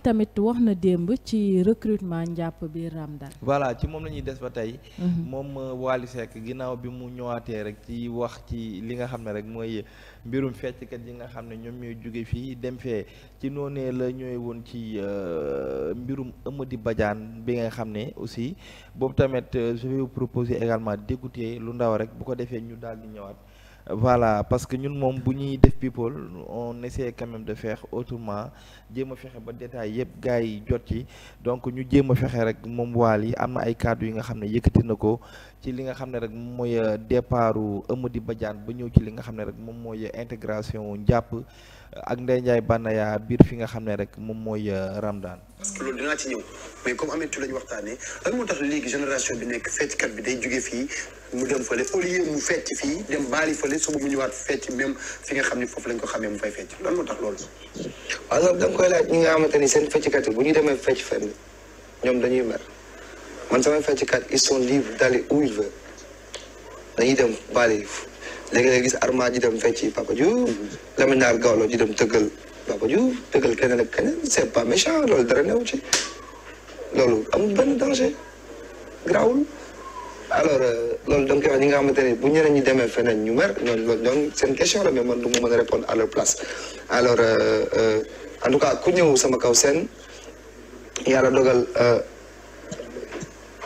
tamit wax na démb ci recrutement njàpp bi Ramdan. voilà ci moom la ñuy des ba tey. Mhm. moom euh, Wally Seck ginnaaw bi mu ñëwaatee rek ci wax ci li nga xam ne rek mooy mbirum fecckat yi nga xam ne ñoom ñooy jóge fii dem fee ci noonee la ñooy woon ci euh, mbirum Amady Badiane bi nga xam ne aussi boobu tamit euh, je vais vous proposer également d'écouter lu ndaw rek bu ko defee ñu daal di ñëwaat. voilà parce que ñun moom bu ñuy def people on essaie quand même de faire autrement jéem fexe ba détail yëpp gars yi jot ci donc ñu jéem a fexe rek moom waal yi am na ay kàddu yi nga xam ne yëkkati na ko ci li nga xam ne rek moom mooy euh, départu Eumeudi Badiane ba ñëw ci li nga xam ne rek moom mooy euh, intégration njàpp euh, ak Ndeye Ndiaye Banaya biir fi nga xam ne rek moom mooy Ramadan. parce que loolu dinaa ci ñëw mais comme Ameth la ñu waxtaanee lan moo tax léegi génération bi nekk fecckat bi day jóge fii mu dem fële au lieu fële suba mu ñëwaat fecc même fi nga xam ne foofu lañ ko xamee mu fay fecc lan moo tax loolu. waaw loolu da nga koy laaj ñi nga xamante ni seen fecckat yi bu ñu demee fecc fenn ñoom dañuy mer man sama fecckat ils sont libres d'aller où ils veulent dañuy dem bàyyi léegi nga gis arma ji dem fecc Papa Diouf mm-hmm. Lamine Gawlo ji dem tëggal Papa Diouf tëggal keneen ak keneen c'est pas méchant loolu dara newu ci loolu am benn danger grawul alors euh, loolu da nga koy ñi nga xamante ne bu ñeneen ñi demee feneen ñu mer ñooñu loolu ñoom seen question la mais man du mu mën a répondre à leur place alors euh, euh, en tout cas ku ñëw sama kaw seen yàlla dogal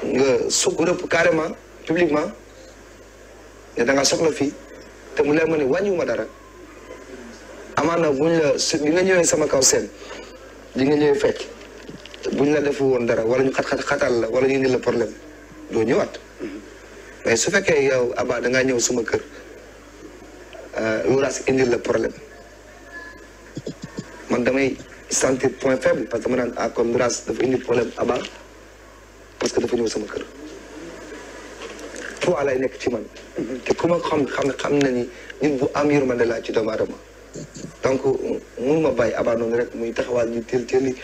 nga sukk rëpp carrément publiquement ne da nga soxla fii te mu leer ma ne wàññiwuma dara amaana buñ la su bi nga ñëwee sama kaw seen li nga ñëwee fekk buñ la defu woon dara wala ñu xat xat xatal la wala ñu indi la problème. doo ñëwaat mais su fekkee yow Abba da ngaa ñëw suma kër loolu indil la problème man damay sentir point faible parce que dama naan ah comme Nouraas dafa indi problème Abba parce que dafa ñëw sama kër poids lay nekk ci man te ku ma xam xam xam na ni nit bu am yërmande laa ci doomu aadama donc mun ma bàyyi Abba noonu rek muy taxawaal ñu teel teel li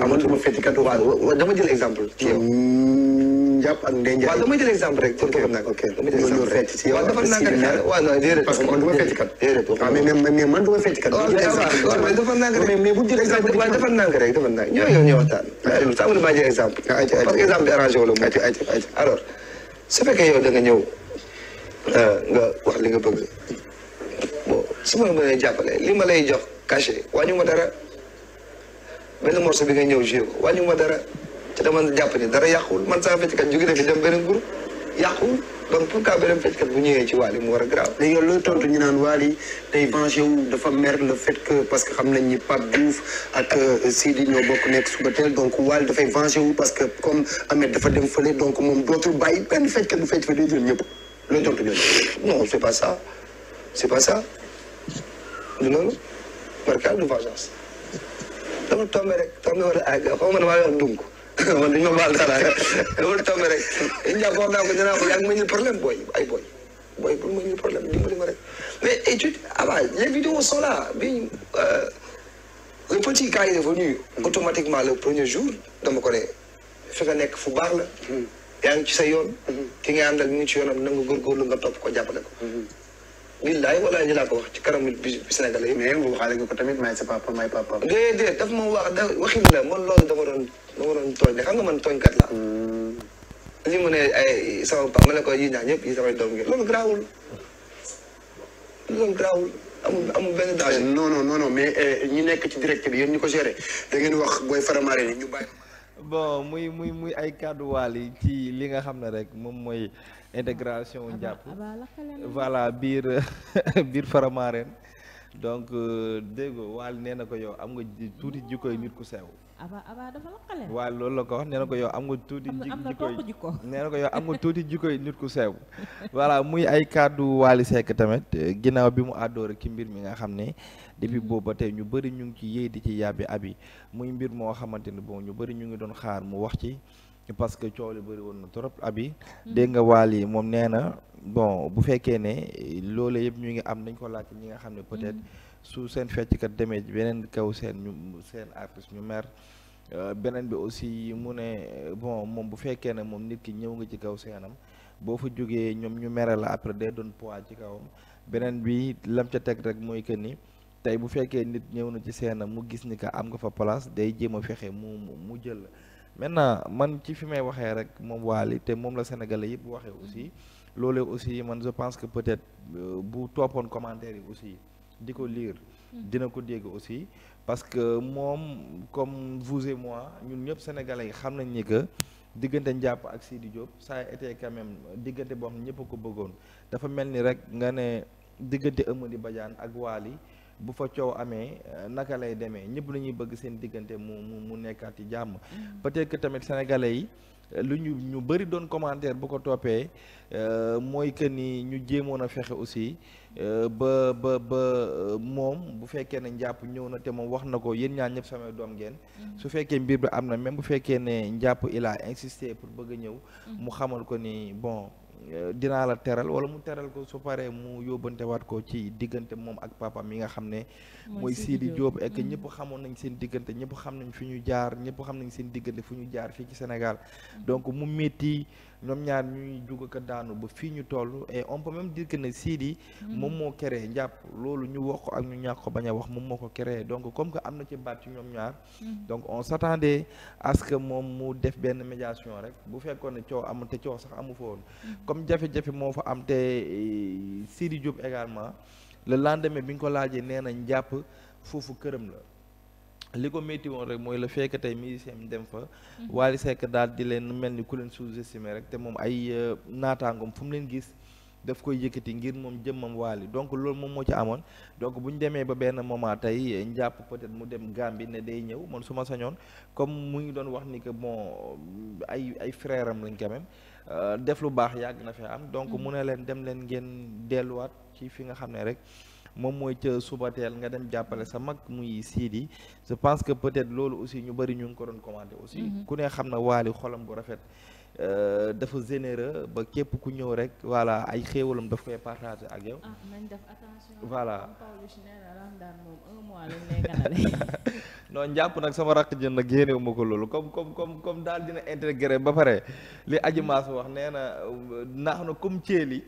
amatuma fettikatu waaw dama jël exemple ci yow njàpp ak ndey njaay waaw damay jël exemple rek pour kooku nag ok damay jël exemple rek si yow waaw dafa nag waaw non déedéet parce que man du ma fecc kat déedéet waaw mais mais mais man du ma fecc kat mais dafa nag rek mais bu jël exemple waaw dafa nag rek dafa nag ñoo ñoo ñoo waxtaan sax ma jël exemple parce que exemple bi arrangé wala mu alors su fekkee yow da nga ñëw nga wax li nga bëgg bon su ma la mënee jàppale li ma lay jox cachet wàññi ma dara benn morceau bi nga ñëw joué ko wàññi ma dara te dama jàpp ni dara yàquwul man sama fecckat jóge na fi dem beneen groupe yàquwul donc pourquoi beneen bu ñëwee ci Wally mu war a grave léegi yow looy tontu ñu naan Wally tey vengé wu dafa mer le fait parce que xam nañ ni Pape Diouf ak euh, Sidi ñoo bokk nekk suba teel donc Wally dafay vengé wu parce que comme Ameth dafa dem fële donc moom dootul bàyyi benn fecckat bu fecc fa day jël ñëpp looy tontu ñoom non c'est pas ça c'est pas ça du loolu marquage de vengeance dama tombé rek tombé wala àgg ma damaa wax dunk man duñ ma baal dara loolu tombé rek ñu jàpp wax naa ko dinaa ko yaa ngi may problème booy ay booy booy bu ma ñu problème dimbali ma rek mais étude avant ah les vidéos sont là bi le euh, petit cas est venu automatiquement le premier jour dama ko ne fi nga nekk fu baax la mm-hmm. yaa ngi ci sa yoon mm-hmm. ki nga àndal mu ngi ci yoonam na nga góorgóorlu nga topp ko jàppale ko mm-hmm. billaay walaay di laa ko wax ci kanamu bi Sénégalais yi. mais mu waxaale nga ko tamit may sa papa may papa. déedéet daf ma wax da waxin la man loolu dama doon tooñ de xam nga man tooñkat la hmm. li mu ne ay sama papa ma ne ko yi ñaar ñëpp yi samay doom ngeen loolu garaawul loolu garaawul amul amul benn danger. non non non non mais euh, ñi nekk ci direct bi yéen ñu ko gérer da ngeen wax booy faramaare ni ñu bàyyi. bon muy muy muy ay kàdduwaal yi ci li nga xam ne rek moom mooy. intégration njàpp voilà biir biir Faramareen donc euh, déggoo waal nee na ko yow am nga tuuti jikkoy nit ku sew aba la ko wax nee am tuuti jikko nee ko yow am nga tuuti jikkoy nit ku sew voilà muy ay kàddu Waly Seck tamit ginnaaw bi mu àddoor ci mbir mi nga xam ne depuis mm-hmm. boobu ba ñu bëri ñu ngi ci yéey di ci yàbbi abi muy mbir moo xamante ne bon ñu bëri ñu ngi doon xaar mu wax ci parce que coow li bëri woon na trop abi mm. dégg nga waal yi moom nee na bon bu fekkee ne loolu yëpp ñu ngi am nañ ko laaj ñi nga xam ne peut-être mm. su seen fecckat demee beneen kaw seen ñu seen artiste ñu mer euh, beneen bi aussi mu ne bon moom bu fekkee ne moom nit ki ñëw nga ci kaw seenam boo fa jógee ñoom ñu mere la après day doon poids ci kawam beneen bi lam teg rek mooy que ni tey bu fekkee nit ñëw na ci seenam mu gis ni que am nga fa place day jéem fexe mu mu jël maintenant man ci fi may waxee rek moom Wally te moom la sénégalais yëpp waxee aussi loolee aussi man je pense que peut-être euh, bu toppoon commentaire yi aussi di ko liir hmm. dina ko dégg aussi parce que moom comme vous et moi ñun ñëpp sénégalais yi xam nañ ni que diggante njàpp ak sii Diop ça a été quand même diggante boo xam ne ñëpp ko bëggoon dafa mel ni rek nga ne diggante Eumeudi Badiane ak Wally bu fa coow amee euh, naka lay demee ñëpp la ñuy bëgg seen diggante mu mu mu nekkaat ci jàmm. Mm-hmm. peut-être tamit sénégalais yi euh, lu ñu ñu bëri doon commentaire bu ko toppee euh, mooy que ni ñu jéemoon a fexe aussi ba ba ba moom bu fekkee ne njàpp ñëw na te moom wax na ko yéen ñaan ñëpp samay doom ngeen. Mm-hmm. su fekkee mbir bi am na même bu fekkee ne njàpp il insister pour bëgg ñëw. Mm-hmm. mu xamal ko ni bon. Euh, dinaa la teral wala mu teral ko su paree mu yóbbante waat ko ci diggante moom ak papa mi nga xam ne mooy Sidi jóob ek ñëpp xamoon nañ seen diggante ñëpp xam nañ fi ñu jaar ñëpp xam nañ seen diggante fu ñu jaar fii ci Sénégal mm-hmm. donc mu métti ñoom ñaar ñuy jug ak daanu ba fii ñu toll et on peut même dire que mhm. moom moo créé njàpp loolu ñu wax ko ak ñu ñàkk ko bañ a wax moom moo ko créé donc comme que am na ci baat ci ñoom ñaar mhm. donc on s'attendait à que moom mu def benn médiation rek bu fekkoon ne coow am te coow sax amu fa woon mhm. comme jafe-jafe moo fa am te eh, Sidi Diop également le lendemain bi nga ko laajee nee na njàpp foofu këram la li ko métti woon rek mooy la fekk tey musicien mi dem fa mhm. Wally Seck daal di leen mel ni ku leen sous-estimé rek te moom ay euh, naataangoom fu mu leen gis daf koy yëkkati ngir moom jëmmam Wally donc loolu moom moo ci amoon donc bu ñu demee ba benn moment tey njàpp peut-être mu dem Gambie ne day ñëw man su ma sañoon comme mu ngi doon wax ni que moo ay ay frère lañ quand même euh, def lu baax yàgg na fi am donc mhm. mu ne leen dem leen ngeen delluwaat ci fi nga xam ne rek moom mooy ca subateel nga dem jàppale sa mag muy Sidi je pense que peut-être loolu aussi ñu bëri ñu ngi ko doon commenté aussi mhm. ku ne xam na waali xolam bu rafet euh, dafa généreux ba képp ku ñëw rek voilà ay xéewalam daf koy partagé ak yow. ah nañ njàpp nag sama rakk jën nag génnewu ma ko loolu comme comme comme comme daal dina intégré ba pare li aji maas wax nee na euh, naax na comme ceeli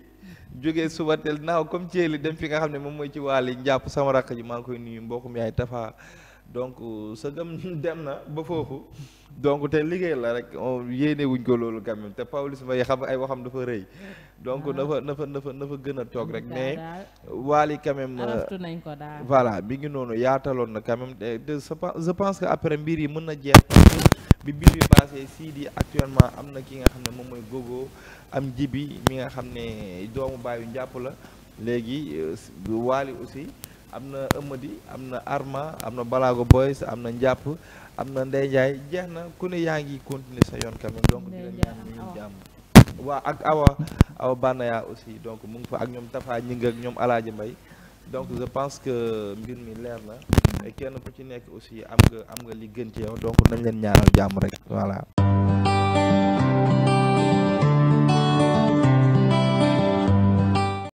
jógee subatel naaw comme Thièli dem fi nga xam ne moom mooy ci yi njàpp sama rakk ji maa ngi koy nuyu mbokkum yaay Tafa donc sa gëm dem na ba foofu donc te liggéey la rek yéene wuñ ko loolu quand te te Pawlish Mbaye xam ay waxam dafa rëy donc na ah. fa na fa na fa na fa gën a toog rek mais waali quand euh, voilà bi ngi noonu yaataloon na quand même te je pense que après mbir yi mën na jeex bi biir bi passé Sidi actuellement am na ki nga xam ne moom mooy Gogo am jibi mi nga xam ne doomu baayu njàpp la léegi euh, waali aussi am na Amady am na Arma am na Balago Boys am na njàpp am na ndeyjaay jeex na ku ne yaa ngi continuer sa yoon quand donc di leen ñaan ñu jàmm waa ak Awa Awa Banaya aussi donc mu ngi fa ak ñoom Tafa ñi ngi ak ñoom Alaaji Mbay donc je pense que mbir mi leer na kenn ku ci nekk aussi am nga am nga li gën ci yow donc nañ leen ñaanal jàmm rek voilà.